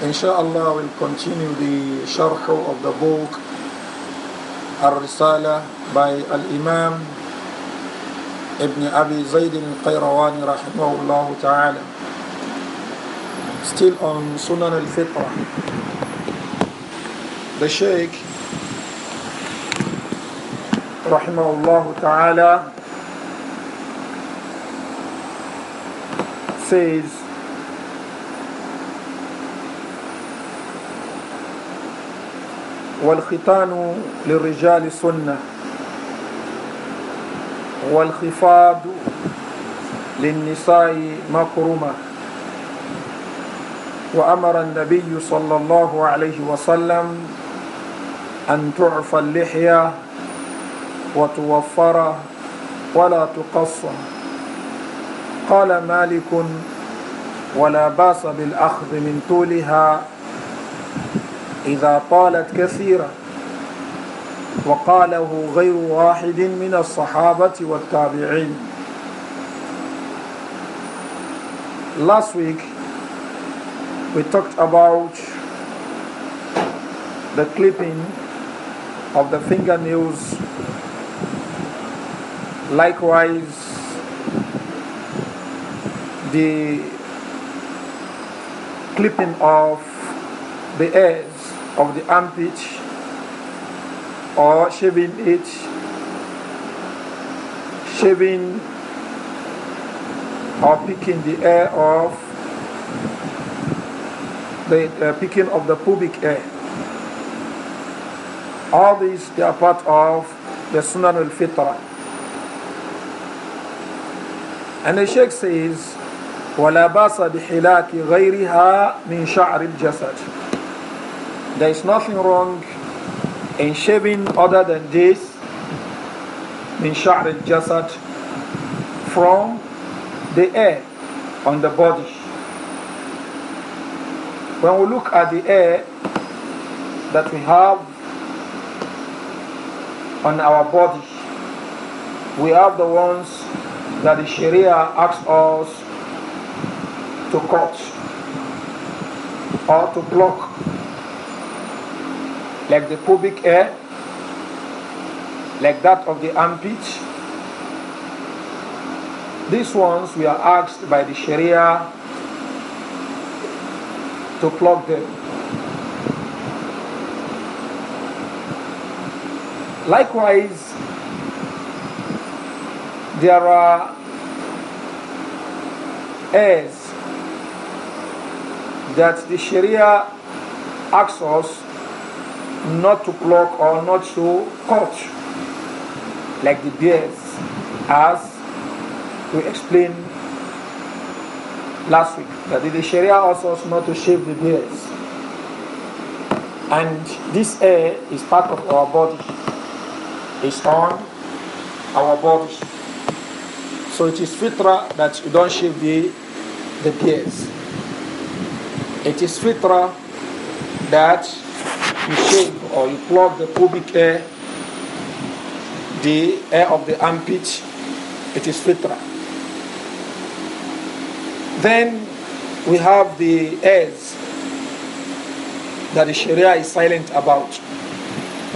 Inshallah, we'll continue the sharh of the book Al-Risala by Al-Imam Ibn Abi Zayd Al-Qayrawani rahimahullah ta'ala still on Sunan Al-Fitrah the Sheikh rahimahullah ta'ala says والختان للرجال سنة والخفاض للنساء مكرمة وأمر النبي صلى الله عليه وسلم أن تعفى اللحية وتوفر ولا تقص قال مالك ولا باس بالأخذ من طولها إذا طالت كثيرا وقاله غير واحد من الصحابة والتابعين Last week we talked about the clipping of the fingernails likewise the clipping of the ears of the armpit or shaving it, shaving or picking the hair off, the uh, picking of the pubic hair. All these they are part of the Sunan al Fitra. And the Sheikh says, ولا باس بحلاك غيرها من شعر الجسد there is nothing wrong in shaving other than this in sha'r jasad from the air on the body when we look at the air that we have on our body we have the ones that the sharia asks us to cut or to block like the pubic hair, like that of the armpit. These ones we are asked by the Sharia to plug them. Likewise, there are hairs that the Sharia asks us not to pluck or not to cut like the bears as we explained last week that the Sharia also us not to shave the beards. And this hair is part of our body. It's on our body. So it is fitra that you don't shave the, the beards. It is fitra that you shave or you plug the pubic hair, the hair of the armpit, it is fitra. Then we have the hairs that the Sharia is silent about.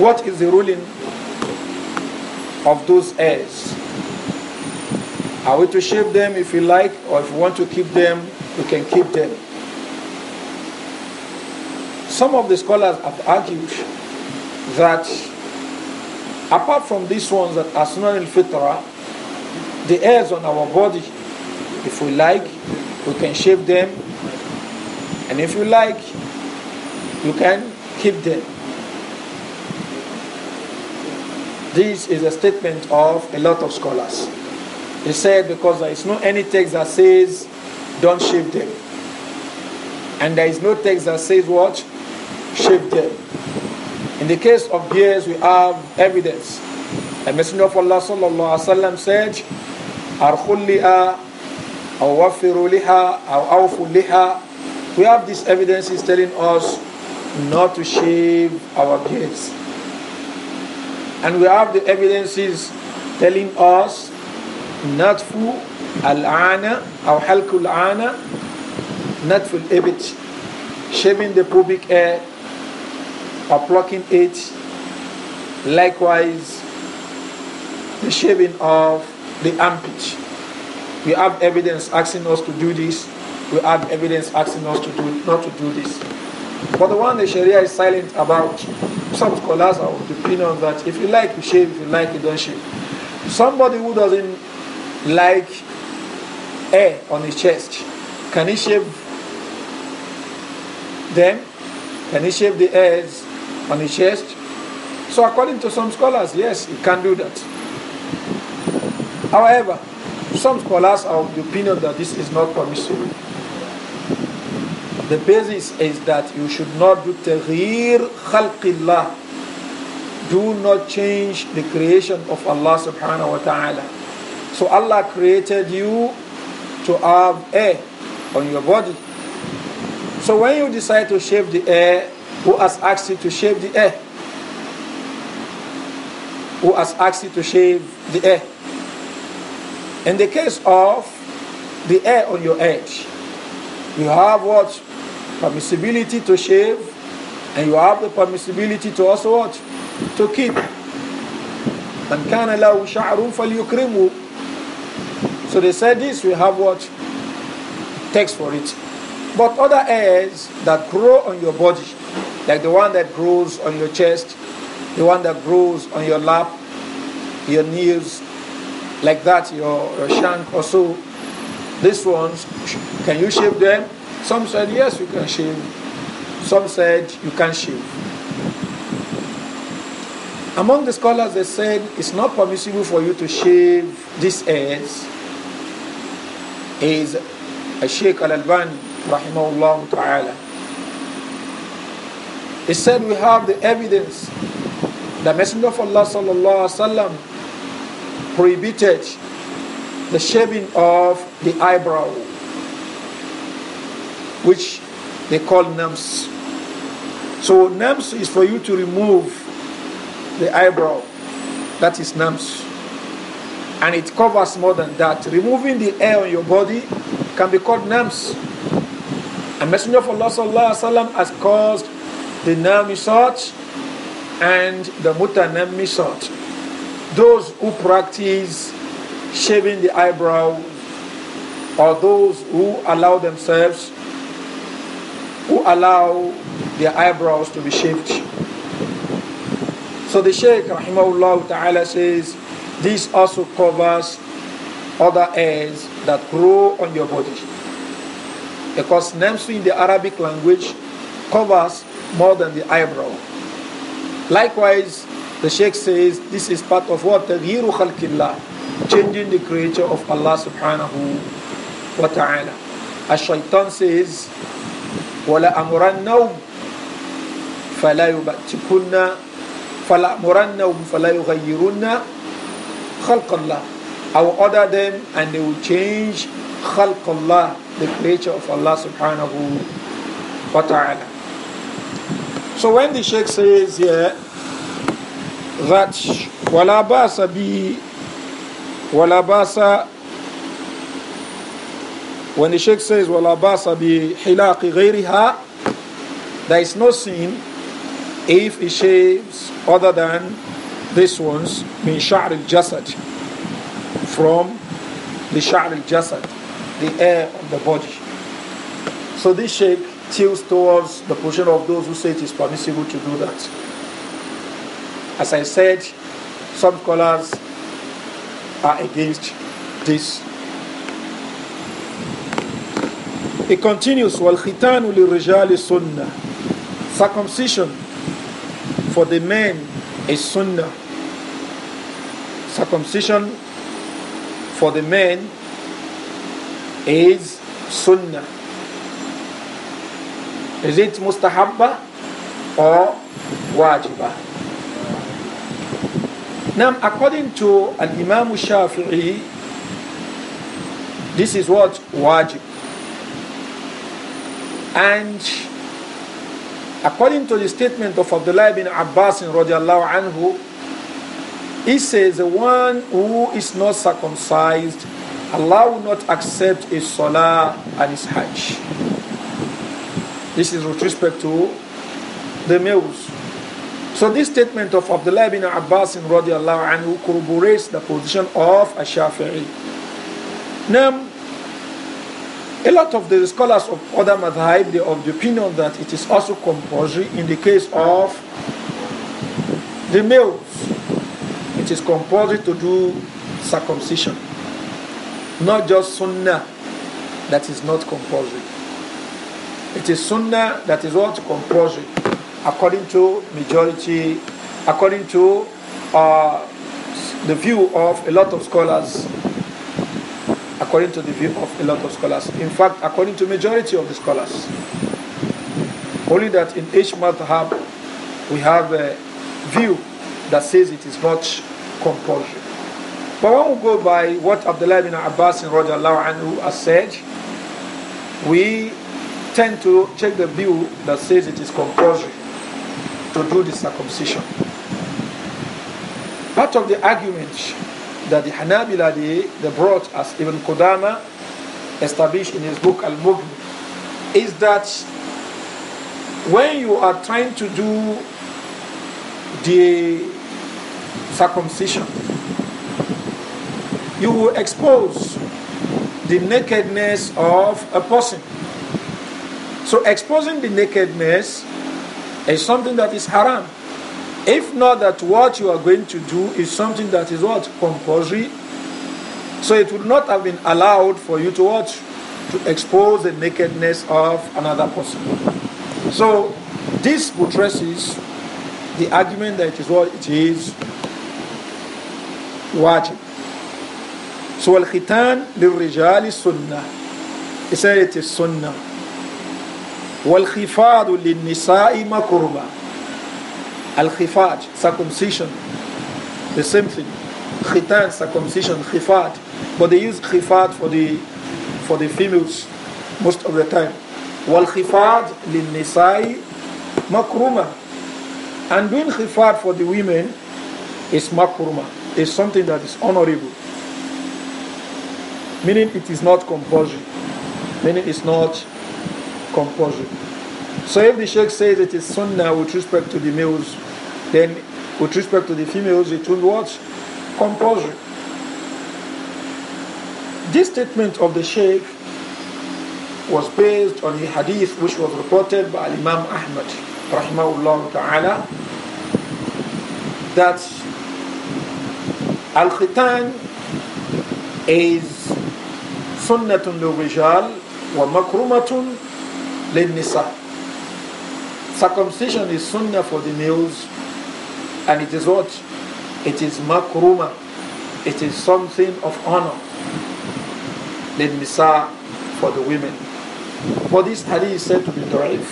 What is the ruling of those hairs? Are we to shave them if you like, or if you want to keep them, you can keep them. Some of the scholars have argued that apart from these ones that are sunan al-fitra, the hairs on our body, if we like, we can shave them, and if you like, you can keep them. This is a statement of a lot of scholars. He said because there is no any text that says don't shave them. And there is no text that says what? shave them. In the case of beards, we have evidence. The Messenger of Allah sallallahu alaihi wasallam said, "Arkhulliha, or wafiruliha, awfuliha." We have these evidences telling us not to shave our beards, and we have the evidences telling us natfu al-ana or halku al-ana, natfu al shaving the pubic hair or plucking it. Likewise, the shaving of the armpit. We have evidence asking us to do this. We have evidence asking us to do not to do this. But the one the Sharia is silent about, some scholars are of the opinion that if you like, you shave. If you like, you don't shave. Somebody who doesn't like hair on his chest, can he shave them? Can he shave the hairs on his chest. So, according to some scholars, yes, he can do that. However, some scholars are of the opinion that this is not permissible. The basis is that you should not do tahrir khalqillah. Do not change the creation of Allah subhanahu wa ta'ala. So Allah created you to have air on your body. So when you decide to shave the air who has asked you to shave the hair? Who has asked you to shave the hair? In the case of the hair on your head, you have what? Permissibility to shave, and you have the permissibility to also what? To keep. And من كان for شعر فليكرمه So they said this, we have what? Text for it. But other hairs that grow on your body, like the one that grows on your chest, the one that grows on your lap, your knees, like that, your, your shank or so. These ones, can you shave them? Some said, yes, you can shave. Some said, you can shave. Among the scholars, they said it's not permissible for you to shave these hairs. Is a Sheikh Al Albani, rahimahullah ta'ala. He said, We have the evidence. The Messenger of Allah sallallahu wasallam prohibited the shaving of the eyebrow, which they call nams. So nams is for you to remove the eyebrow. That is nams. And it covers more than that. Removing the hair on your body can be called nams. A messenger of Allah sallallahu alaihi wasallam has caused the namisat and the mutanamisat. Those who practice shaving the eyebrow or those who allow themselves, who allow their eyebrows to be shaved. So the Shaykh rahimahullah ta'ala says this also covers other hairs that grow on your body. Because namsu in the Arabic language covers more than the eyebrow. Likewise, the Sheikh says this is part of what? Taghiru khalqillah, changing the creature of Allah subhanahu wa ta'ala. As shaitan says, وَلَا أَمُرَنَّهُمْ fala يُبَتِّكُنَّ fala أَمُرَنَّهُمْ فَلَا يُغَيِّرُنَّ خَلْقَ اللَّهِ I will order them and they will change khalq Allah, the creature of Allah subhanahu wa ta'ala. So when the Sheikh says here yeah, that walabasa bi walabasa, when the Sheikh says walabasa bi hilaqi ghairiha, there is no sin if he shaves other than this one's min sha'r al-jasad from the sha'r al-jasad the hair of the body so this Sheikh tilts towards the position of those who say it is permissible to do that. As I said, some scholars are against this. It continues, وَالْخِتَانُ لِلرِّجَالِ سُنَّةٌ Circumcision for the men is sunnah. Circumcision for the men is sunnah. Is it mustahabba or wajiba? Now, according to Al Imam Shafi'i, this is what wajib. And according to the statement of Abdullah bin Abbas in radiallahu anhu, he says, The one who is not circumcised, Allah will not accept his salah and his hajj. This is with respect to the males. So this statement of Abdullah ibn Abbas in radiallahu anhu corroborates the position of Ash-Shafi'i. Now, a lot of the scholars of other madhhab they are of the opinion that it is also compulsory in the case of the males. It is compulsory to do circumcision. Not just sunnah, that is not compulsory. It is sunnah that is what compulsory, according to majority, according to uh, the view of a lot of scholars. According to the view of a lot of scholars. In fact, according to majority of the scholars. Only that in each madhab we have a view that says it is not compulsory. But when we go by what Abdullah bin Abbas and Roger anhu has said, we tend to check the view that says it is compulsory to do the circumcision. Part of the argument that the Hanabila they, they brought as Ibn Qudama established in his book Al-Mughni is that when you are trying to do the circumcision, you will expose the nakedness of a person so exposing the nakedness is something that is haram. If not that what you are going to do is something that is what? Compulsory. So it would not have been allowed for you to watch to expose the nakedness of another person. So this buttresses the argument that it is what it is wajib. So al-khitan lil-rijali sunnah. He said it is sunnah. وَالْخِفَادُ لِلنِّسَاءِ مَكُرْبًا circumcision. The same thing. ختان circumcision, khifad. But they use khifad for the, for the females most of the time. وَالْخِفَادُ لِلنِّسَاءِ مَكْرُمًا And doing khifad for the women is makruma. It's something that is honorable. Meaning it is not compulsory. Meaning it's not compulsory. So if the Sheikh says it is sunnah with respect to the males, then with respect to the females, it will what? Compulsory. This statement of the Sheikh was based on a hadith which was reported by Imam Ahmad rahimahullah ta'ala that al-khitan is sunnatun lirijal wa makrumatun say, circumcision is sunnah for the males and it is what it is makruma it is something of honor Let say, for the women for this hadith is said to be da'if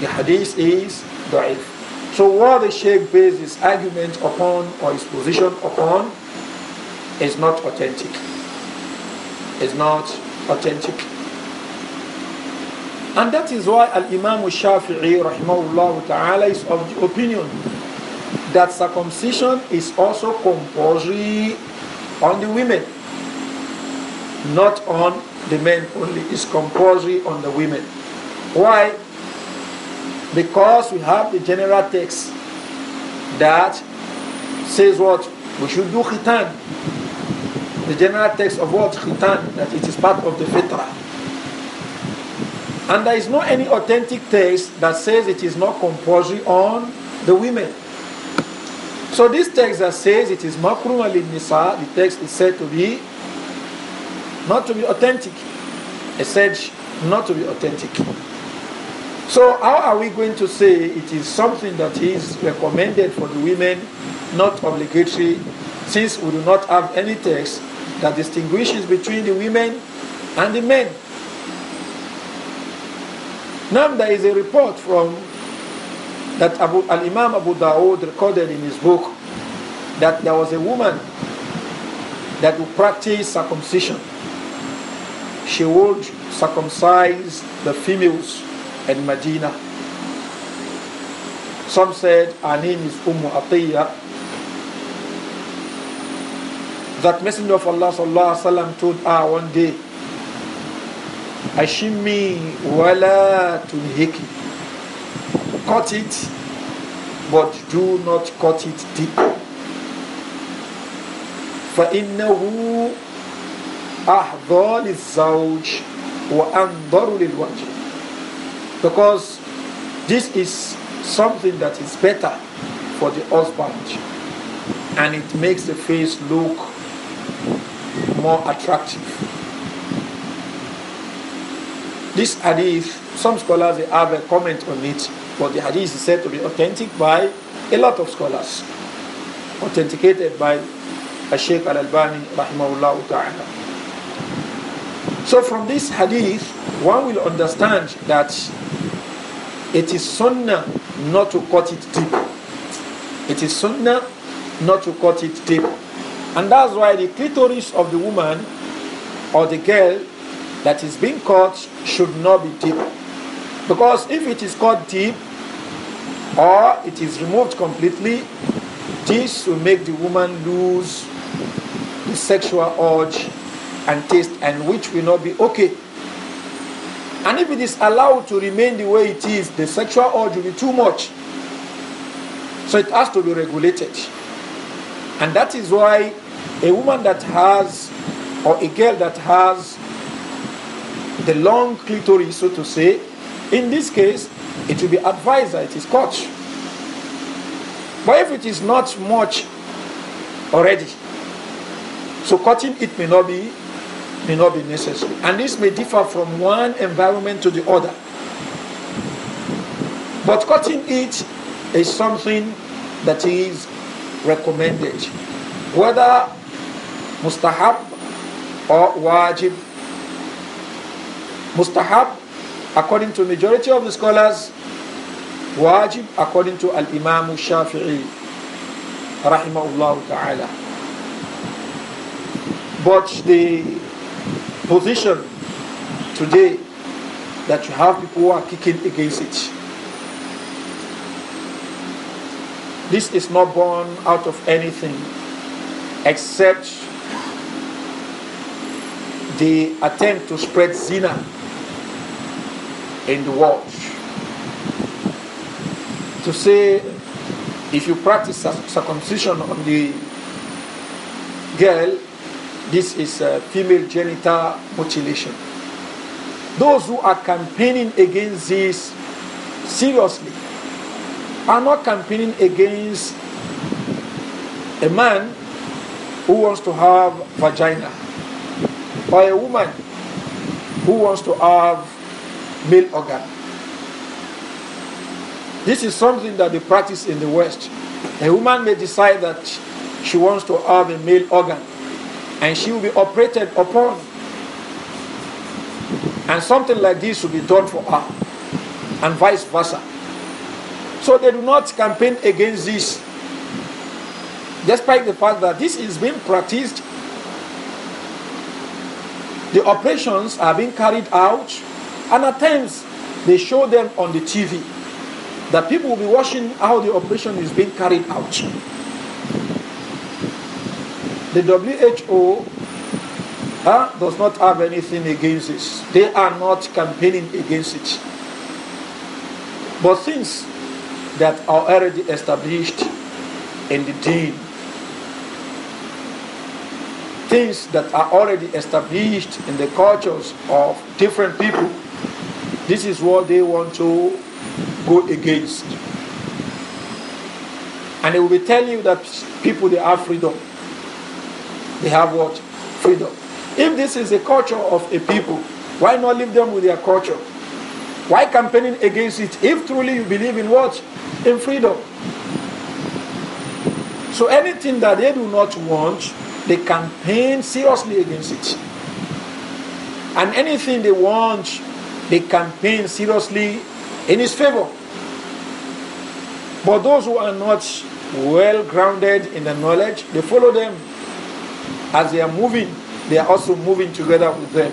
the hadith is da'if so what the Sheikh based his argument upon or his position upon is not authentic. Is not authentic. And that is why Al-Imam Shafi'i rahimahullah ta'ala is of the opinion that circumcision is also compulsory on the women, not on the men only. It's compulsory on the women. Why? Because we have the general text that says what? We should do khitan. The general text of what? Khitan, that it is part of the fitrah. And there is not any authentic text that says it is not compulsory on the women. So this text that says it is makruh al nisa, the text is said to be not to be authentic. It said not to be authentic. So how are we going to say it is something that is recommended for the women, not obligatory, since we do not have any text that distinguishes between the women and the men? Now there is a report from that Abu, Al-Imam Abu Dawood recorded in his book that there was a woman that would practice circumcision. She would circumcise the females in Medina. Some said her name is Umm A'tiya. That Messenger of Allah told her one day Ashimi wala tunhiki. Cut it, but do not cut it deep. فإنه أحظى للزوج وأنظر للوجه because this is something that is better for the husband and it makes the face look more attractive this hadith, some scholars they have a comment on it, but the hadith is said to be authentic by a lot of scholars, authenticated by Sheikh Al Albani, rahimahullah ta'ala. So, from this hadith, one will understand that it is sunnah not to cut it deep. It is sunnah not to cut it deep. And that's why the clitoris of the woman or the girl that is being caught should not be deep. Because if it is caught deep or it is removed completely, this will make the woman lose the sexual urge and taste, and which will not be okay. And if it is allowed to remain the way it is, the sexual urge will be too much. So it has to be regulated. And that is why a woman that has, or a girl that has the long clitoris, so to say, in this case, it will be advised that it is cut. But if it is not much already, so cutting it may not be may not be necessary. And this may differ from one environment to the other. But cutting it is something that is recommended. Whether mustahab or wajib Mustahab, according to majority of the scholars, wajib according to al-imam shafi'i rahimahullah ta'ala but the position today that you have people who are kicking against it this is not born out of anything except the attempt to spread zina in the world. To say, if you practice circumcision on the girl, this is female genital mutilation. Those who are campaigning against this seriously are not campaigning against a man who wants to have vagina or a woman who wants to have male organ. This is something that they practice in the West. A woman may decide that she wants to have a male organ and she will be operated upon. And something like this will be done for her and vice versa. So they do not campaign against this, despite the fact that this is being practiced. The operations are being carried out and at times, they show them on the TV that people will be watching how the operation is being carried out. The WHO uh, does not have anything against this. They are not campaigning against it. But things that are already established in the deen, things that are already established in the cultures of different people, this is what they want to go against. And they will be telling you that people they have freedom. They have what? Freedom. If this is the culture of a people, why not leave them with their culture? Why campaigning against it if truly you believe in what? In freedom. So anything that they do not want, they campaign seriously against it. And anything they want they campaign seriously in his favor. But those who are not well grounded in the knowledge, they follow them. As they are moving, they are also moving together with them.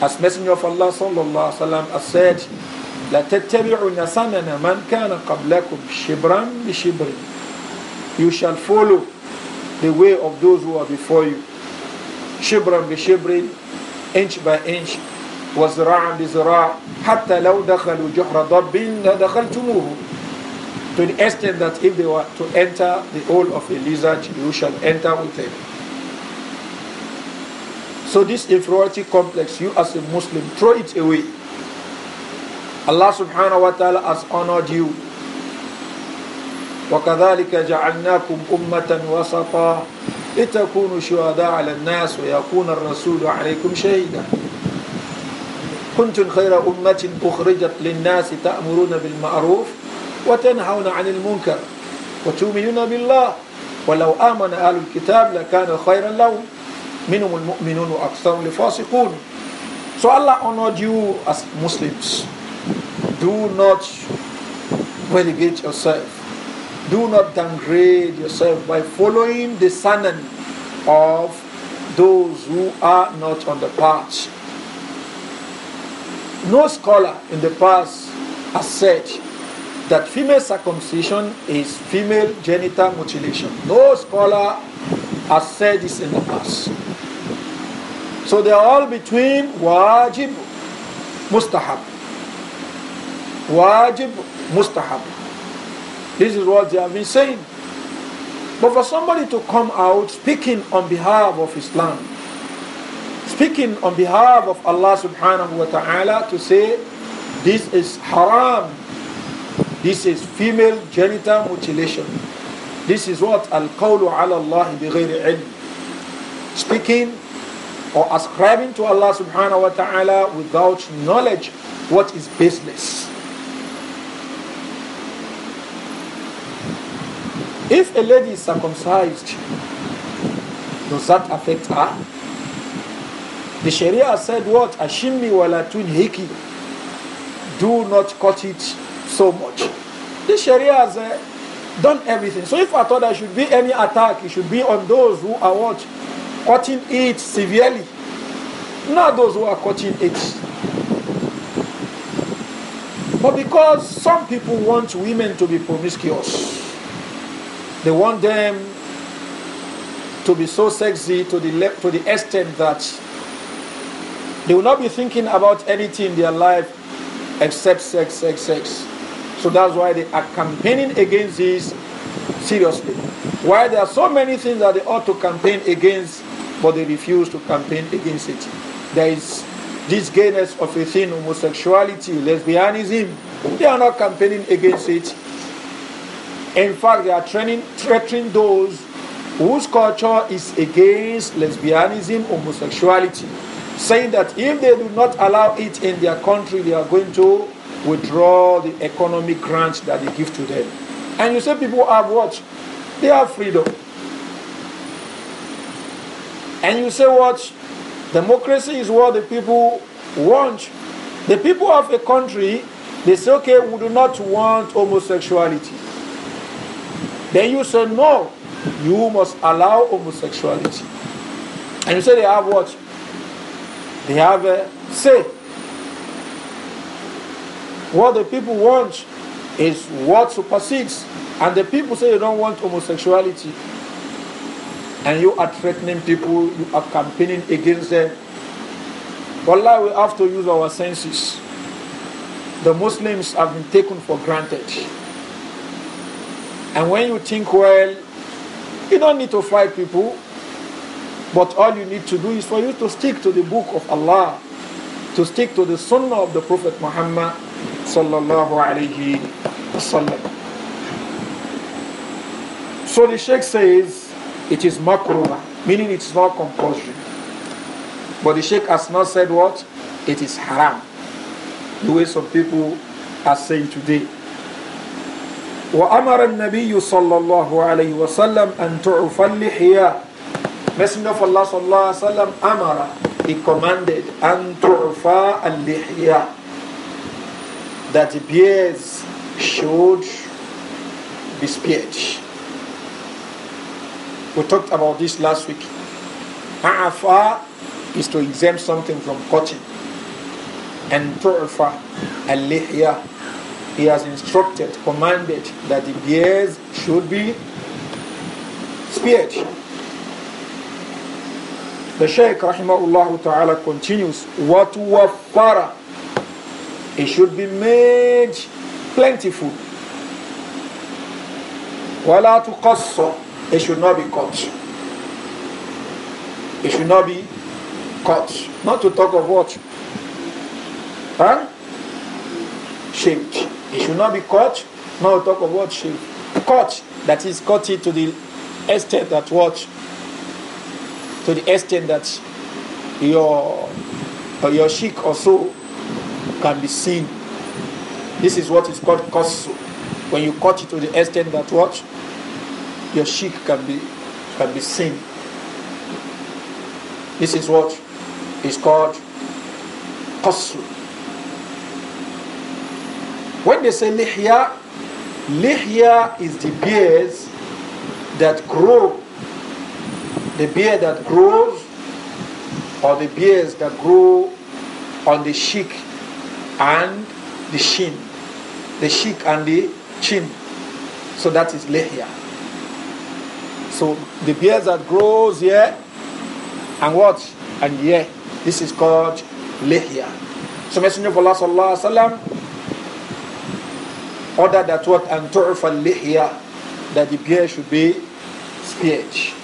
As Messenger of Allah sallallahu alaihi wasallam has said, لَتَتَّبِعُنَّ سَنَنَ مَنْ كَانَ قَبْلَكُمْ شِبْرًا بِشِبْرٍ You shall follow the way of those who are before you. شِبْرًا بِشِبْرٍ Inch by inch, وزراعا بزراع حتى لو دخلوا جحر ضب لدخلتموه to the extent that if they were to enter the hole of a lizard you shall enter with them so this inferiority complex you as a Muslim throw it away Allah subhanahu wa ta'ala has honored you وكذلك جعلناكم أمة وسطا لتكونوا شهداء على الناس ويكون الرسول عليكم شهيدا كنتم خير أمة أخرجت للناس تأمرون بالمعروف وتنهون عن المنكر وتؤمنون بالله ولو آمن أهل الكتاب لكان خيرا لهم منهم المؤمنون أكثر الفاسقون So Allah honored you as Muslims. Do not relegate yourself. Do not downgrade yourself by following the sanan of those who are not on the path. no scholar in the past has said that female circumcision is female genital mutilation. No scholar has said this in the past. So they are all between wajib, mustahab. Wajib, mustahab. This is what they have been saying. But for somebody to come out speaking on behalf of Islam, speaking on behalf of Allah subhanahu wa ta'ala to say this is haram. This is female genital mutilation. This is what al-qawlu ala Allah bighayri ilm. Speaking or ascribing to Allah subhanahu wa ta'ala without knowledge what is baseless. If a lady is circumcised, does that affect her? The Sharia said what? Ashimmi walatun hiki. Do not cut it so much. The Sharia has uh, done everything. So if I thought there should be any attack, it should be on those who are what? Cutting it severely. Not those who are cutting it. But because some people want women to be promiscuous, they want them to be so sexy to the, to the extent that they will not be thinking about anything in their life except sex, sex, sex. So that's why they are campaigning against this seriously. Why there are so many things that they ought to campaign against, but they refuse to campaign against it. There is this gayness of a thing, homosexuality, lesbianism. They are not campaigning against it. In fact, they are training, threatening those whose culture is against lesbianism, homosexuality saying that if they do not allow it in their country, they are going to withdraw the economic grant that they give to them. And you say people have what? They have freedom. And you say what? Democracy is what the people want. The people of a country, they say, okay, we do not want homosexuality. Then you say, no, you must allow homosexuality. And you say they have what? They have a say. What the people want is what supersedes. And the people say you don't want homosexuality. And you are threatening people, you are campaigning against them. Wallah, we have to use our senses. The Muslims have been taken for granted. And when you think well, you don't need to fight people. But all you need to do is for you to stick to the book of Allah, to stick to the sunnah of the Prophet Muhammad sallallahu alayhi wasallam. So the Sheikh says it is makruh, meaning it's not compulsory. But the Sheikh has not said what? It is haram. The way some people are saying today. وأمر النبي صلى الله عليه وسلم أن تعفى اللحية Messenger of Allah sallallahu alaihi wasallam amara, he commanded an al-lihya that the beards should be spared. We talked about this last week. A'afa is to exempt something from cutting. And tu'fa al-lihya he has instructed, commanded that the beards should be spared. The Shaykh rahimahullah ta'ala continues, What para, It should be made plentiful. Wala tuqassa? It should not be cut. It should not be cut. Not to talk of what? Huh? Shaped. It should not be cut. Not to talk of what shape. Cut. That is cut it to the estate that what? to the extent that your uh, your cheek also can be seen. This is what is called kosu. When you cut it to the extent that what your cheek can be can be seen. This is what is called kosu. When they say lihya, lihya is the beards that grow the beard that grows, or the beards that grow on the cheek and the chin. The cheek and the chin. So that is lehia. So the beard that grows here and what? And here. This is called lehia. So Messenger of Allah sallallahu alaihi wasallam ordered that what? And tu'fa lehia That the beard should be spared.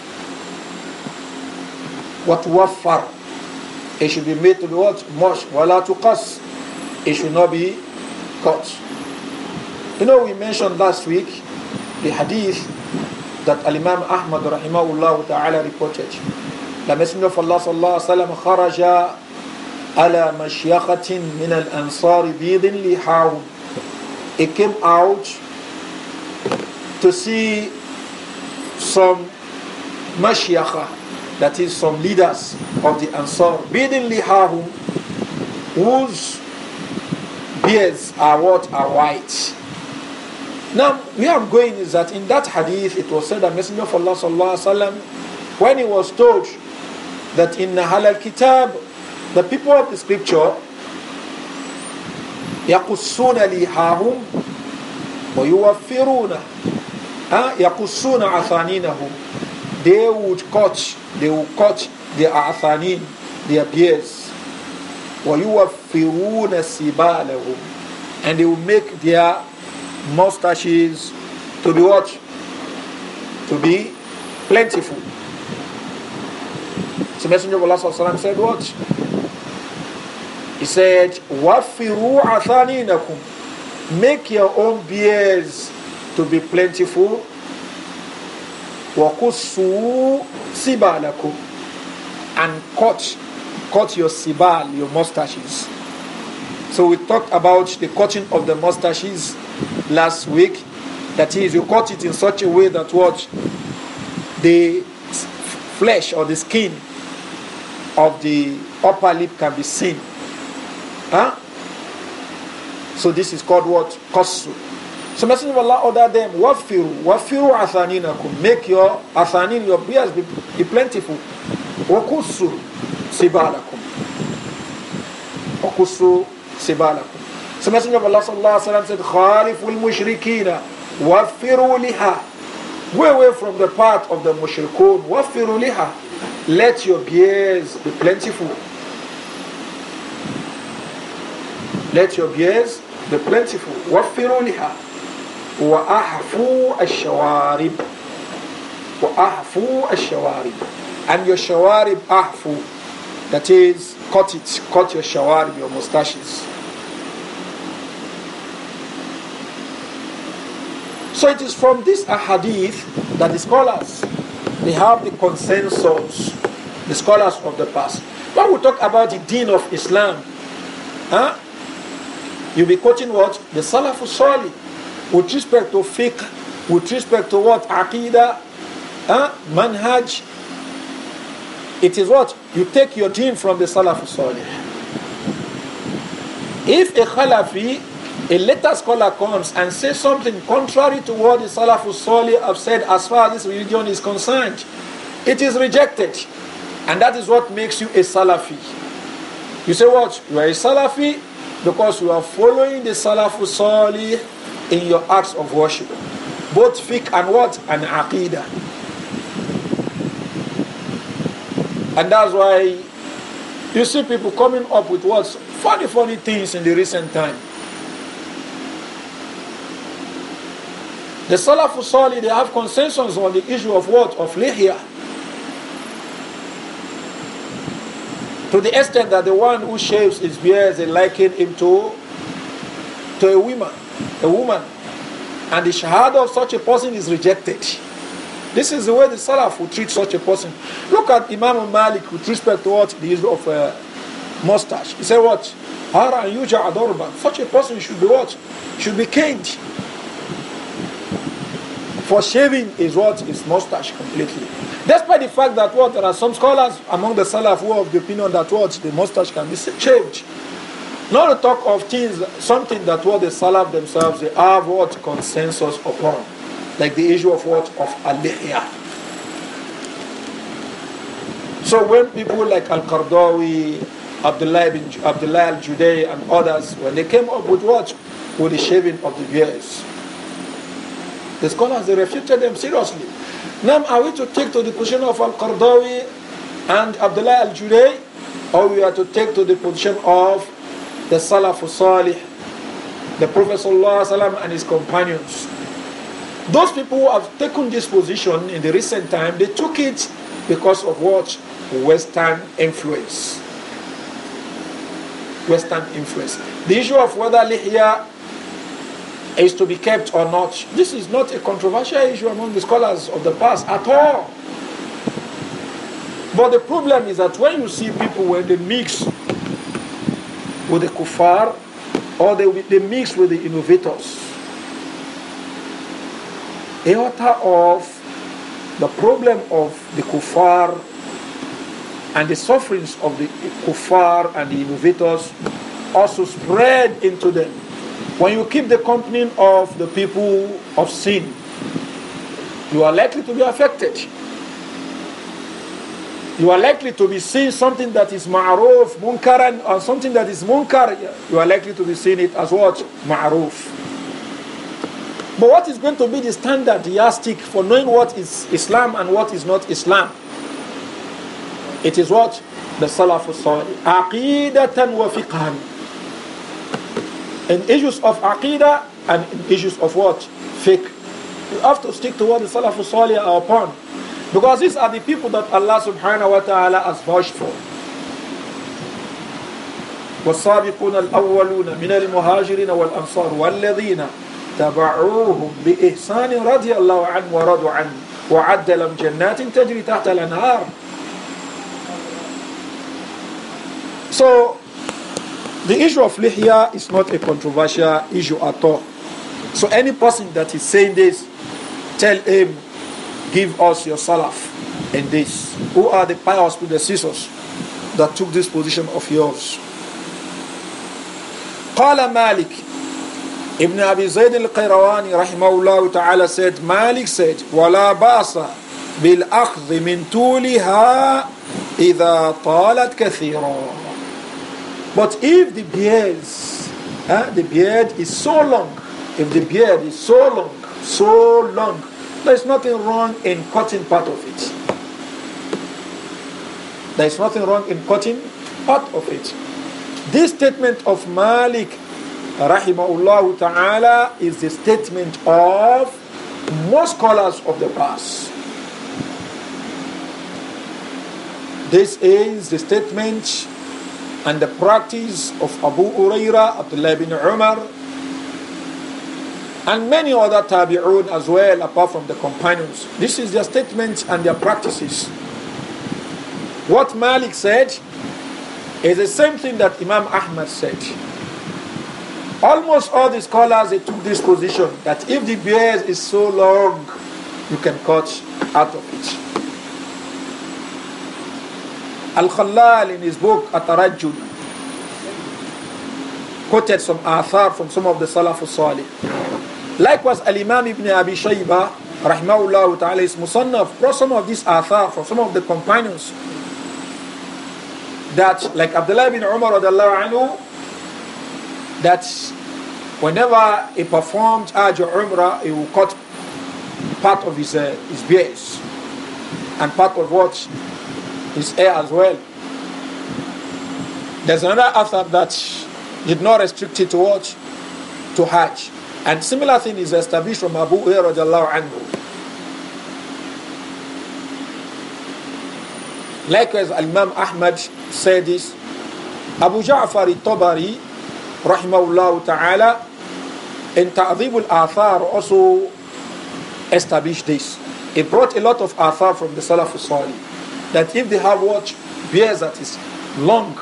وتوفر it should be made to the what? Much. Wala to cuss. It should not be cut. You know, we mentioned last week the hadith that Al Imam Ahmad rahimahullah ta'ala reported. The Messenger of Allah sallallahu alayhi wa sallam kharaja ala mashyachatin min al ansari bidin He came out to see some mashyakha, that is some leaders of the Ansar, bidding lihahum, whose beards are what are white. Now, where I'm going is that in that hadith, it was said that Messenger of Allah sallallahu alaihi wasallam, when he was told that in Nahal al-Kitab, the people of the scripture, يقصون لحاهم ويوفرون يقصون عثانينهم they would cut they will cut their athanin, their beards. وَيُوَفِّرُونَ سِبَالَهُمْ And they will make their mustaches to be what? To be plentiful. So Messenger of Allah said what? He said, وَفِّرُوا عَثَانِينَكُمْ Make your own beards to be plentiful Wakusu, سِبَالَكُمْ And cut, cut your sibal, your mustaches. So we talked about the cutting of the mustaches last week. That is, you cut it in such a way that what the flesh or the skin of the upper lip can be seen. Huh? So this is called what? Kosu. So Messenger of Allah ordered them, Wafiru, Wafiru asaninakum. Make your asanin, your prayers be, be plentiful. Wakusu sibalakum. Wakusu sibalakum. So Messenger of Allah sallallahu alayhi wa sallam said, Khaliful mushrikina, Wafiru liha. Go away from the path of the mushrikun. Wafiru liha. Let your beers be plentiful. Let your beers be plentiful. Wafiru liha. وَأَحْفُوا الشَّوَارِبْ وَأَحْفُوا الشَّوَارِبْ And your shawarib ahfu, that is, cut it, cut your shawarib, your mustaches. So it is from this ahadith that the scholars, they have the consensus, the scholars of the past. When we talk about the deen of Islam, huh? you'll be quoting what? The Salafus Salih with respect to fiqh, with respect to what? Aqidah, huh? manhaj. It is what? You take your deen from the Salaf Salih. If a Khalafi, a later scholar comes and says something contrary to what the Salaf Salih have said as far as this religion is concerned, it is rejected. And that is what makes you a Salafi. You say what? You are a Salafi because you are following the Salaf Salih in your acts of worship. Both fiqh and what? And aqidah. And that's why you see people coming up with what funny, funny things in the recent time. The Salafus Salih, they have consensus on the issue of what? Of lihya. To the extent that the one who shaves his beard, they liken him to, to a woman a woman, and the shahada of such a person is rejected. This is the way the Salaf would treat such a person. Look at Imam Malik with respect to what the issue of a uh, mustache. He said what? Hara and Yuja Adorban. Such a person should be what? Should be caned. For shaving is what? Is mustache completely. Despite the fact that what? There are some scholars among the Salaf who are of the opinion that what? The mustache can be shaved. Not to talk of things, something that what the Salaf themselves, they have what consensus upon. Like the issue of what? Of Aliyah. So when people like Al-Qardawi, Abdullah, bin, Abdullah al judei and others, when they came up with what? With the shaving of the beards. The scholars, they refuted them seriously. Now, are we to take to the position of Al-Qardawi and Abdullah al judei Or we are to take to the position of the Salafus Salih, the Prophet ﷺ and his companions. Those people who have taken this position in the recent time, they took it because of what? Western influence. Western influence. The issue of whether lihya is to be kept or not, this is not a controversial issue among the scholars of the past at all. But the problem is that when you see people when they mix with the kuffar or they, they mix with the innovators. A author of the problem of the kuffar and the sufferings of the kuffar and the innovators also spread into them. When you keep the company of the people of sin, you are likely to be affected you are likely to be seeing something that is ma'ruf, munkaran, or uh, something that is munkar, you are likely to be seeing it as what? Ma'ruf. But what is going to be the standard yardstick for knowing what is Islam and what is not Islam? It is what? The Salaf al-Salih. Aqidatan wa fiqhan. In issues of aqidah and in issues of what? Fiqh. You have to stick to what the Salaf al-Salih are upon. Because these are the people that Allah subhanahu wa ta'ala has vouched for. والسابقون الأولون من المهاجرين والأنصار والذين تبعوهم بإحسان رضي الله عنه ورضوا عنه وعد لهم جنات تجري تحت الأنهار So, the issue of lihya is not a controversial issue at all. So any person that is saying this, tell him Give us your salaf in this. Who are the pious predecessors that took this position of yours? قال مالك ابن أبي زيد القيرواني رحمه الله تعالى said Malik said ولا بأس بالأخذ من طولها إذا طالت كثيرا but if the beard, eh, the beard is so long if the beard is so long so long there's nothing wrong in cutting part of it. There's nothing wrong in cutting part of it. This statement of Malik rahimahullah ta'ala is the statement of most scholars of the past. This is the statement and the practice of Abu Uraira, Abdullah bin Umar, and many other tabi'un as well, apart from the companions. This is their statements and their practices. What Malik said is the same thing that Imam Ahmad said. Almost all the scholars they took this position that if the beard is so long, you can cut out of it. Al Khalal in his book Atarajjud quoted some athar from some of the salafus Salih Likewise, Al-Imam ibn Abi Shayba, rahimahullah ta'ala, is musannaf, brought some of these athar from some of the companions that, like Abdullah ibn Umar anhu, that whenever he performed Hajj or Umrah, he would cut part of his, uh, his beard and part of what? His hair as well. There's another author that did not restrict it to what? To Hajj. And similar thing is established from Abu Hurairah anhu. Likewise, Imam Ahmad said this. Abu Ja'far al-Tabari, rahimahullah ta'ala, in Ta'zib al-Athar also established this. He brought a lot of Athar from the Salaf al-Salih. That if they have watch bears that is long,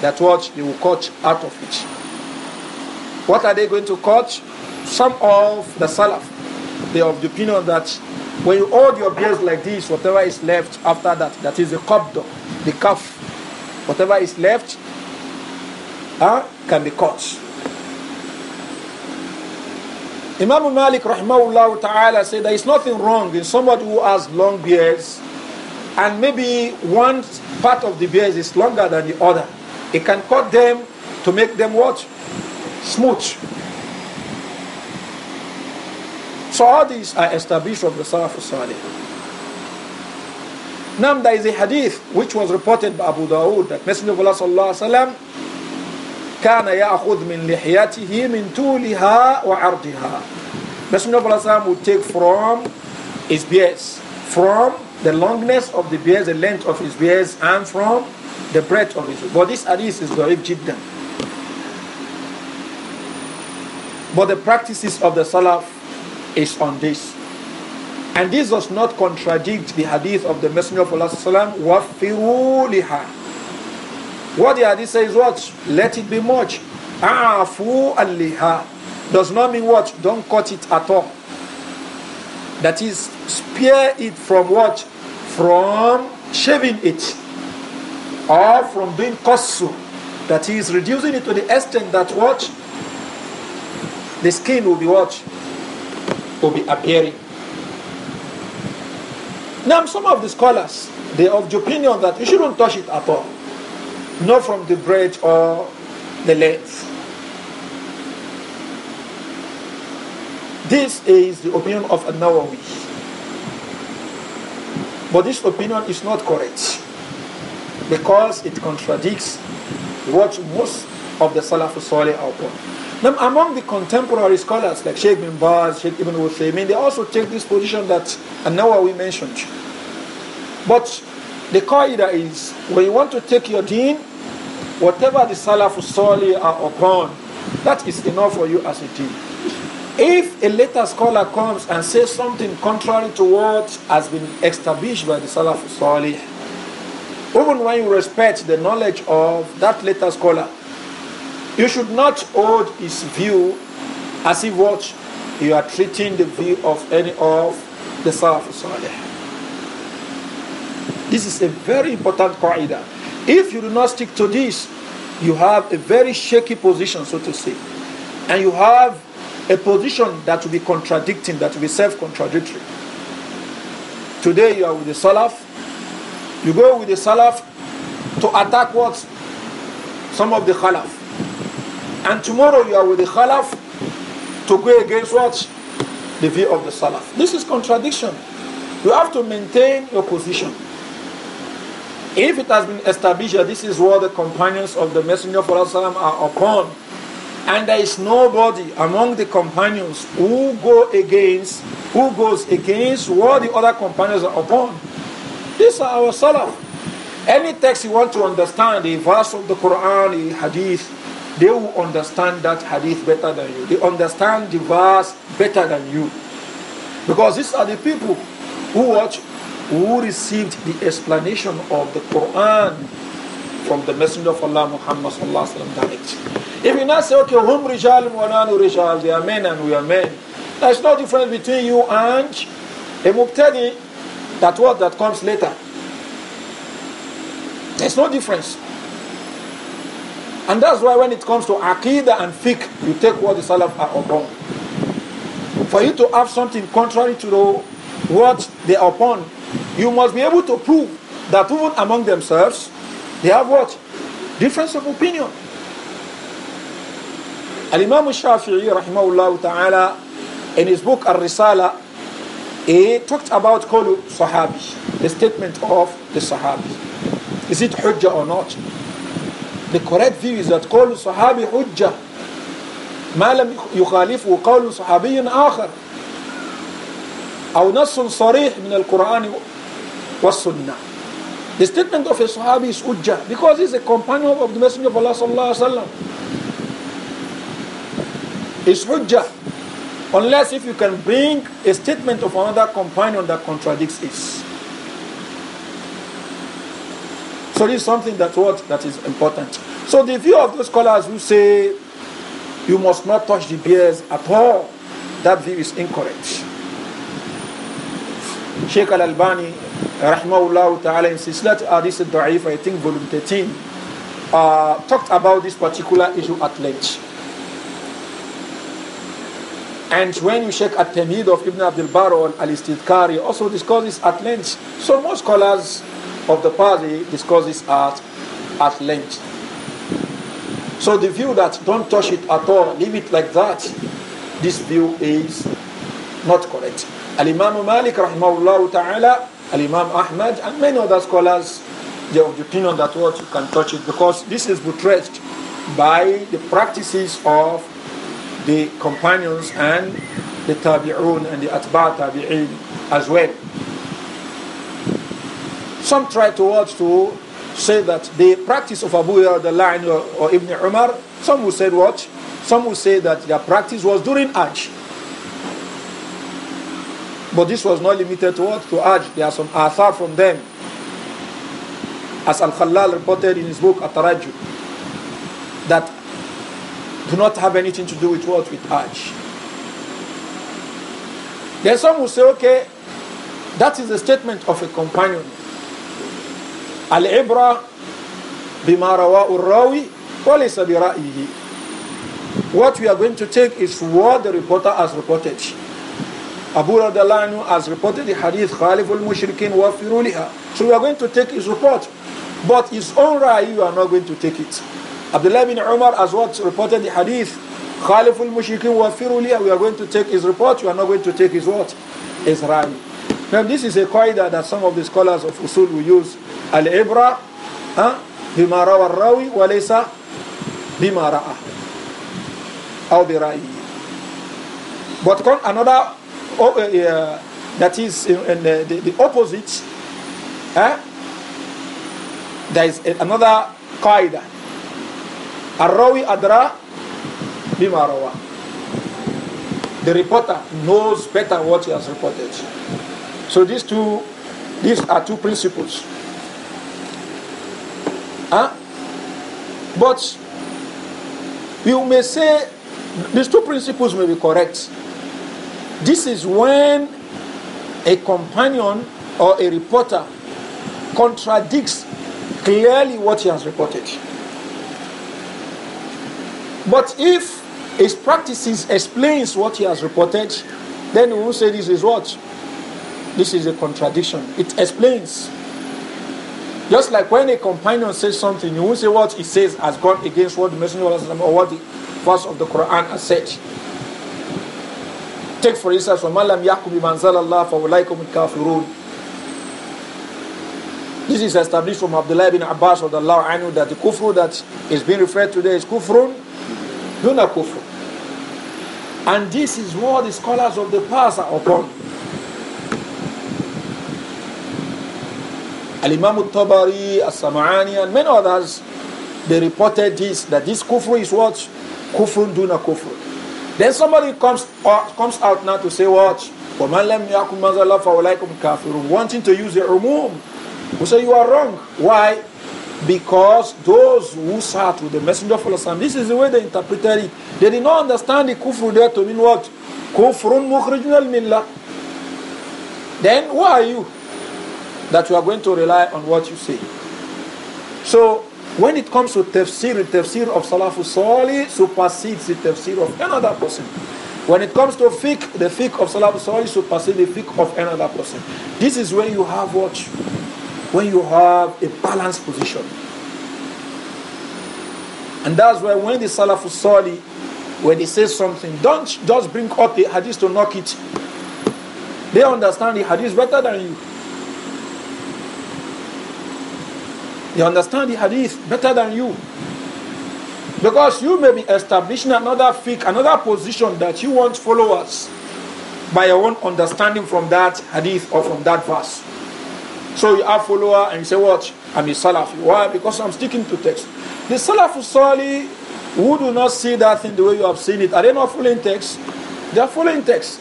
that watch they will catch out of it. What are they going to catch? some of the Salaf, they are of the opinion that when you hold your beard like this, whatever is left after that, that is the qabd, the cuff. whatever is left uh, can be cut. Imam Malik rahimahullah ta'ala said there is nothing wrong in somebody who has long beards and maybe one part of the beard is longer than the other. It can cut them to make them what? Smooth. So all these are established from the Salaf al-Salih. Now there is a hadith which was reported by Abu Dawood that Messenger of Allah sallallahu alaihi wasallam كان يأخذ من لحياته من طولها وعرضها Messenger of Allah would take from his beards, from the longness of the beards, the length of his beards, and from the breadth of it. But this hadith is the Jiddan. But the practices of the Salaf is on this. And this does not contradict the hadith of the Messenger of Allah What the hadith says what? Let it be much. al الْلِهَا Does not mean what? Don't cut it at all. That is, spare it from what? From shaving it. Or from doing kosu. That is, reducing it to the extent that what? The skin will be what? will be appearing. Now, some of the scholars, they are of the opinion that you shouldn't touch it at all, not from the bridge or the length. This is the opinion of An-Nawawi. But this opinion is not correct because it contradicts what most of the Salafus Salih upon. Now, among the contemporary scholars like Sheikh bin Baz, Sheikh Ibn Uthaymeen, they also take this position that an we mentioned. But the qaida is when you want to take your deen, whatever the Salafus Salih are upon, that is enough for you as a deen. If a later scholar comes and says something contrary to what has been established by the Salafus Salih, even when you respect the knowledge of that later scholar, you should not hold his view as if what you are treating the view of any of the Salaf Salih. This is a very important qaida. If you do not stick to this, you have a very shaky position, so to say. And you have a position that will be contradicting, that will be self contradictory. Today you are with the Salaf, you go with the Salaf to attack what? Some of the Khalaf and tomorrow you are with the Khalaf to go against what? The view of the Salaf. This is contradiction. You have to maintain your position. If it has been established that this is what the companions of the Messenger of Allah are upon, and there is nobody among the companions who go against, who goes against what the other companions are upon. These are our salaf. Any text you want to understand, the verse of the Quran, a hadith, they will understand that hadith better than you. They understand the verse better than you. Because these are the people who watch, who received the explanation of the Quran from the Messenger of Allah Muhammad sallallahu alaihi wasallam If you now say, okay, hum rijal wananu rijal, they are men and we are men. There's no difference between you and a mubtadi, that word that comes later. There's no difference. And that's why when it comes to Aqidah and fiqh, you take what the Salaf are upon. For you to have something contrary to the, what they are upon, you must be able to prove that even among themselves, they have what? Difference of opinion. Al-Imam al-Shafi'i, rahimahullah ta'ala, in his book Al-Risala, he talked about Qawlu Sahabi, the statement of the Sahabi. Is it Hujjah or not? The correct view is that قول الصحابي حجة ما لم يخالفه قول صحابي آخر أو نص صريح من القرآن والسنة The statement of a Sahabi is Ujja because he's a companion of the Messenger of Allah sallallahu alaihi wasallam. It's Ujja unless if you can bring a statement of another companion that contradicts it. So this is something that what that is important. So the view of those scholars who say you must not touch the bears at all, that view is incorrect. Sheikh Al Albani, rahmahullah ta'ala, in Sislat Hadith Da'if, I think volume 13, uh, talked about this particular issue at length. And when you check at Tamid of Ibn Abdul Barr al Istidkari, also discusses at length. So most scholars of the party discusses at, at length. So the view that don't touch it at all, leave it like that, this view is not correct. Al-Imam Malik rahimahullah ta'ala, Al-Imam Ahmad and many other scholars, they have the opinion that what you can touch it because this is buttressed by the practices of the companions and the tabi'un and the atba' tabi'in as well. Some try towards to say that the practice of Abu Hurairah or, uh, or Ibn Umar, some will say what? Some will say that their practice was during Hajj. But this was not limited to what? To Hajj. There are some athar from them. As Al-Khalal reported in his book Ataraju, that do not have anything to do with what? With Hajj. There are some who say, okay, that is a statement of a companion. Al-ibra bima rawa'u وليس برأيه What we are going to take is what the reporter has reported. Abu Radalanu has reported the hadith, Khalif al-Mushrikin wa firuliha. So we are going to take his report. But his own ra'i, you are not going to take it. Abdullah bin Umar has what reported the hadith, Khalif al-Mushrikin wa firuliha. We are going to take his report, you are not going to take his what? His ra'i. Now this is a qaida that some of the scholars of Usul will use العبرة بما روى الراوي وليس بما رأى أو برأيه but con another oh, uh, that is in, in the, eh, the, the, opposite eh? there is another qaida الراوي أدرى بما روى the reporter knows better what he has reported so these two these are two principles Huh? But you may say these two principles may be correct. This is when a companion or a reporter contradicts clearly what he has reported. But if his practices explains what he has reported, then we will say this is what? This is a contradiction. It explains. Just like when a companion says something, you won't say what he says has gone against what the Messenger of Allah or what the verse of the Quran has said. Take for instance, from لَمْ يَحْكُمْ بِمَنْزَلَ اللَّهِ فَأُولَٰئِكُمُ This is established from Abdullah bin Abbas of the Allah anhu that the kufru that is being referred to there is kufrun duna kufru. And this is what the scholars of the past are upon. Al-Imam al-Tabari, As-Sam'ani and many others, they reported this, that this kufr is what? Kufrun duna kufr. Then somebody comes, uh, comes out now to say what? وَمَنْ لَمْ يَكُمْ مَزَلَّهُ فَأُولَيْكُمْ كَافِرُونَ Wanting to use the umum. We say you are wrong. Why? Because those who sat with the Messenger of Allah, this is the way they interpreted it. They did not understand the kufr there to mean what? Kufrun mukhrijun al-millah. Then who are you? that you are going to rely on what you say. So when it comes to tafsir, the tafsir of Salafus Salih supersedes the tafsir of another person. When it comes to fiqh, the fiqh of Salafus Salih supersedes the fiqh of another person. This is where you have what? When you have a balanced position. And that's why when the Salafus Salih, when they say something, don't just bring up the hadith to knock it. They understand the hadith better than you. They understand the hadith better than you. Because you may be establishing another fiqh, another position that you want followers by your own understanding from that hadith or from that verse. So you are follower and you say, What? I'm a Salafi. Why? Because I'm sticking to text. The Salafi Sali who do not see that in the way you have seen it, are they not following text? They are following text.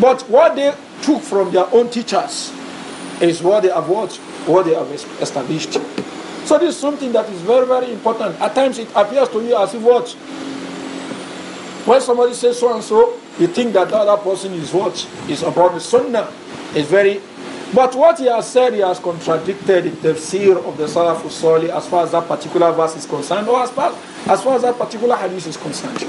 But what they took from their own teachers is what they have watched what they have established. So this is something that is very, very important. At times it appears to you as if what? When somebody says so and so, you think that that person is what? Is about the sunnah. It's very but what he has said, he has contradicted the tafsir of the Salafus Sali as far as that particular verse is concerned, or as far, as far as that particular hadith is concerned.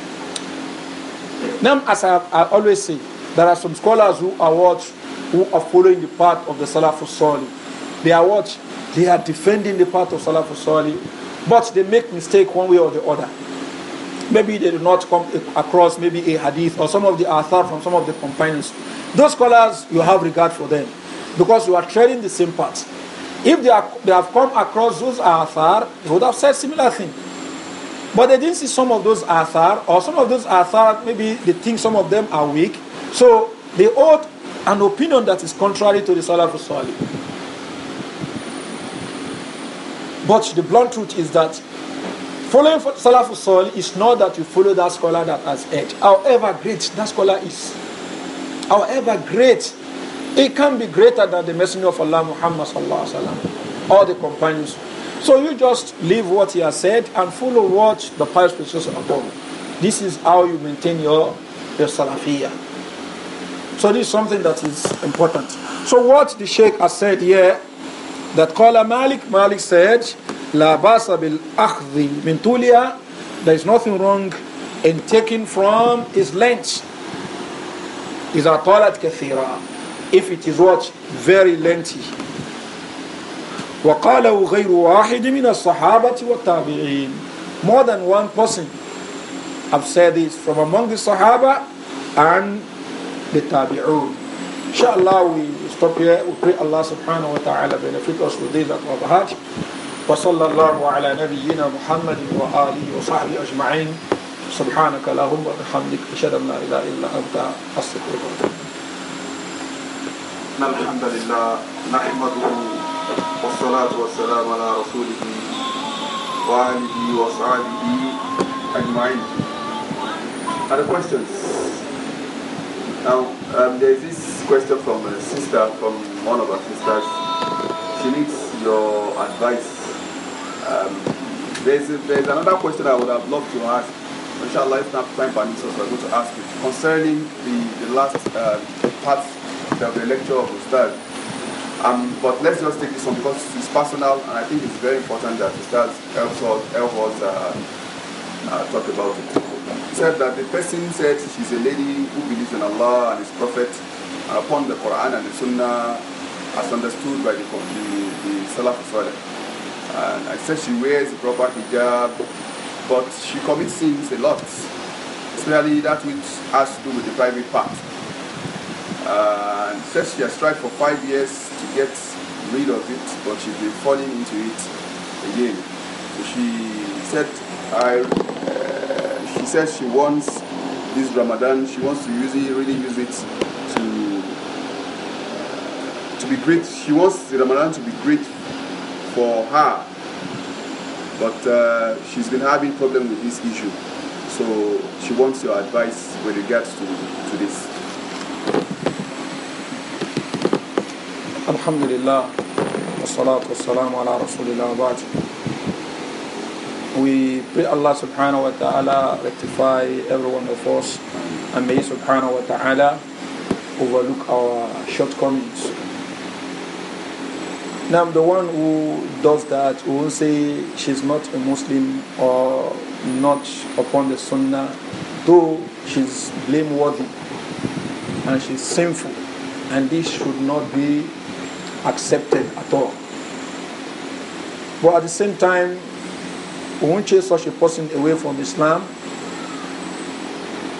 Now, as I, I always say, there are some scholars who are what, who are following the path of the Salafus Sali. They are what? They are defending the path of Salafus Salih, but they make mistake one way or the other. Maybe they do not come across maybe a hadith or some of the athar from some of the companions. Those scholars, you have regard for them because you are treading the same path. If they, are, they have come across those athar, they would have said similar thing. But they didn't see some of those athar, or some of those athar, maybe they think some of them are weak. So they hold an opinion that is contrary to the Salafus Salih. But the blunt truth is that following Salafus Sol is not that you follow that scholar that has said. However great that scholar is, however great, it can be greater than the Messenger of Allah Muhammad sallallahu alaihi wasallam or the companions. So you just leave what he has said and follow what the pious preachers are doing. This is how you maintain your, your salafiyah. So this is something that is important. So what the Sheikh has said here that Qala Malik, Malik said, La basa bil akhdhi min tulia, there is nothing wrong in taking from his length. إذا طالت كثيرا if it is what very lengthy وقال غير واحد من الصحابة والتابعين more than one person have said this from among the Sahaba and the Tabi'un inshallah we stop here. We pray Allah subhanahu wa ta'ala benefit us with these at Rabahat. وصلى الله على نبينا محمد وآله وصحبه أجمعين سبحانك اللهم وبحمدك أشهد أن لا إله إلا أنت أستغفرك إن الحمد لله نحمده والصلاة والسلام على رسوله وآله وصحبه أجمعين Other questions? Now, um, there's this question from a sister, from one of our sisters. She needs your advice. Um, there's, a, there's another question I would have loved to ask. Inshallah, if not time permits us, I'm going to ask it concerning the, the last uh, part of the lecture of Ustad. Um, but let's just take this one because it's personal and I think it's very important that Ustad helps us, help us uh, uh, talk about it said that the person said she's a lady who believes in Allah and His Prophet and upon the Quran and the Sunnah as understood by the, the, the Salaf Salih. And I said she wears the proper hijab, but she commits sins a lot, especially that which has to do with the private part. and says she has tried for five years to get rid of it, but she's been falling into it again. So she said, I she says she wants this Ramadan, she wants to use it, really use it to to be great. She wants the Ramadan to be great for her, but uh, she's been having problems with this issue. So she wants your advice with regards to, to this. Alhamdulillah, wassalatu wassalamu ala we pray Allah subhanahu wa ta'ala rectify every one of us and may subhanahu wa ta'ala overlook our shortcomings. Now the one who does that who will say she's not a Muslim or not upon the sunnah, though she's blameworthy and she's sinful and this should not be accepted at all. But at the same time, won't chase such a person away from Islam,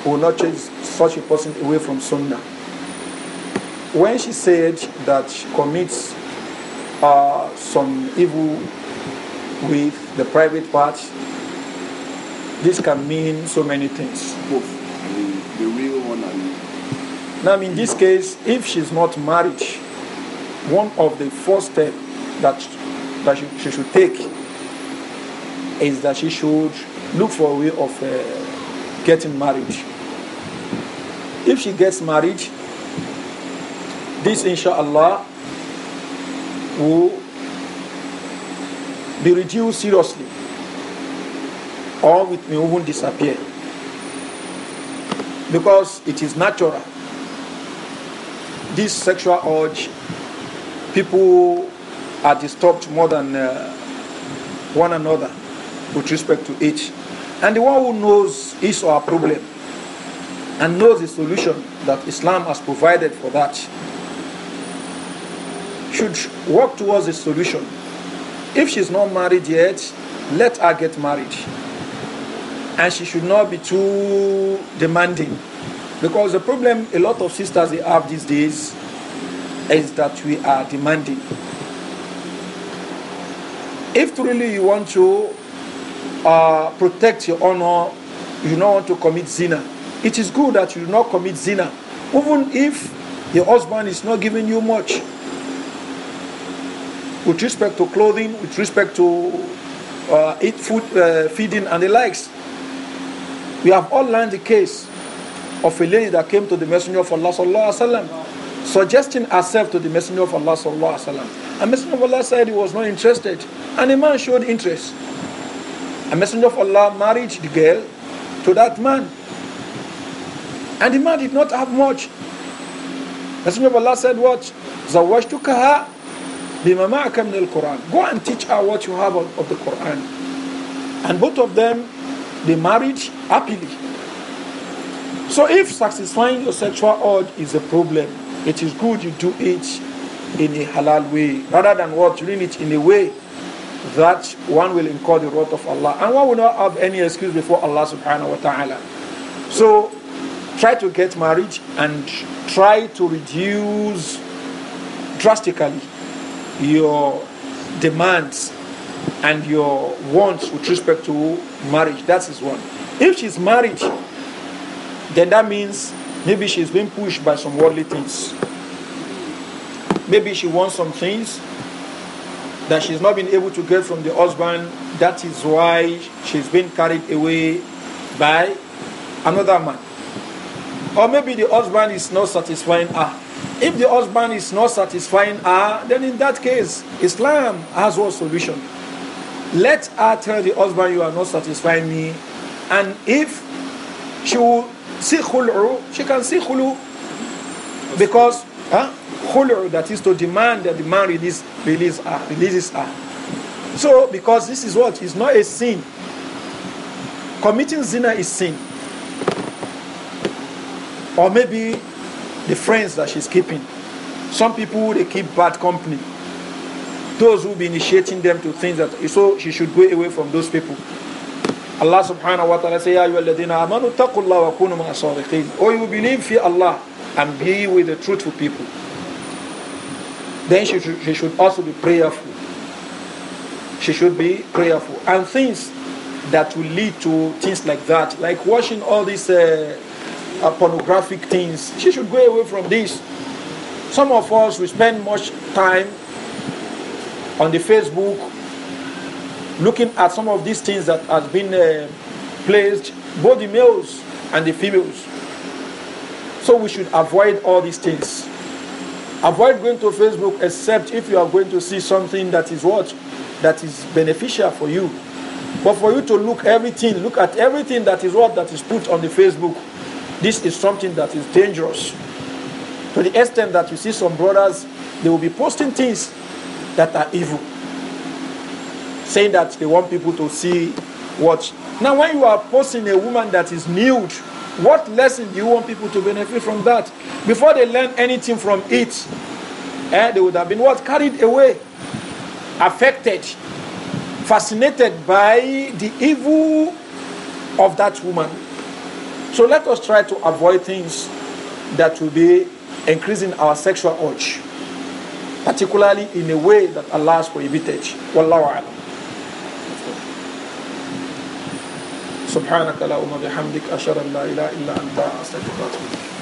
will not chase such a person away from Sunnah. When she said that she commits uh, some evil with the private part, this can mean so many things. Both the, the real one and. Now, in this case, if she's not married, one of the first steps that, that she, she should take is that she should look for a way of uh, getting married. If she gets married, this inshallah will be reduced seriously or it may even disappear because it is natural. This sexual urge, people are disturbed more than uh, one another with respect to it. And the one who knows his or her problem and knows the solution that Islam has provided for that should work towards the solution. If she's not married yet, let her get married. And she should not be too demanding. Because the problem a lot of sisters they have these days is that we are demanding. If truly you want to uh, protect your honor, you do not want to commit zina. It is good that you do not commit zina, even if your husband is not giving you much. With respect to clothing, with respect to uh, eat food, uh, feeding, and the likes. We have all learned the case of a lady that came to the Messenger of Allah sallallahu alaihi wasallam, suggesting herself to the Messenger of Allah sallallahu alaihi wasallam. And Messenger of Allah said he was not interested, and the man showed interest. A messenger of Allah married the girl to that man. And the man did not have much. Messenger of Allah said, What? Zawajtukaha bimama'aka min al-Quran. Go and teach her what you have of the Quran. And both of them, they married happily. So if satisfying your sexual urge is a problem, it is good you do it in a halal way rather than what doing it in a way that one will incur the wrath of Allah. And one will not have any excuse before Allah subhanahu wa ta'ala. So try to get married and try to reduce drastically your demands and your wants with respect to marriage. That is one. If she's married, then that means maybe she's being pushed by some worldly things. Maybe she wants some things that she's not been able to get from the husband. That is why she's been carried away by another man. Or maybe the husband is not satisfying her. If the husband is not satisfying her, then in that case, Islam has one solution. Let her tell the husband, You are not satisfying me. And if she will see khul'u, she can see khulu. Because, huh? khulu, that is to demand that the man release, release her, uh, releases her. So, because this is what is not a sin. Committing zina is sin. Or maybe the friends that she's keeping. Some people, they keep bad company. Those who be initiating them to things that, so she should go away from those people. Allah subhanahu wa ta'ala says, Ya amanu taqullaha wa kunu ma'as-sadiqin. Oh, you believe fear Allah and be with the truthful people then she should, she should also be prayerful. She should be prayerful. And things that will lead to things like that, like watching all these uh, uh, pornographic things, she should go away from this. Some of us, we spend much time on the Facebook looking at some of these things that has been uh, placed, both the males and the females. So we should avoid all these things. Avoid going to Facebook except if you are going to see something that is what? That is beneficial for you. But for you to look everything, look at everything that is what that is put on the Facebook, this is something that is dangerous. To the extent that you see some brothers, they will be posting things that are evil. Saying that they want people to see what. Now, when you are posting a woman that is nude, what lesson do you want people to benefit from that? Before they learn anything from it, eh, they would have been what? Carried away, affected, fascinated by the evil of that woman. So let us try to avoid things that will be increasing our sexual urge, particularly in a way that Allah has prohibited. Wallahu alam. سبحانك اللهم بحمدك أشهد أن لا إله إلا أنت أستغفرك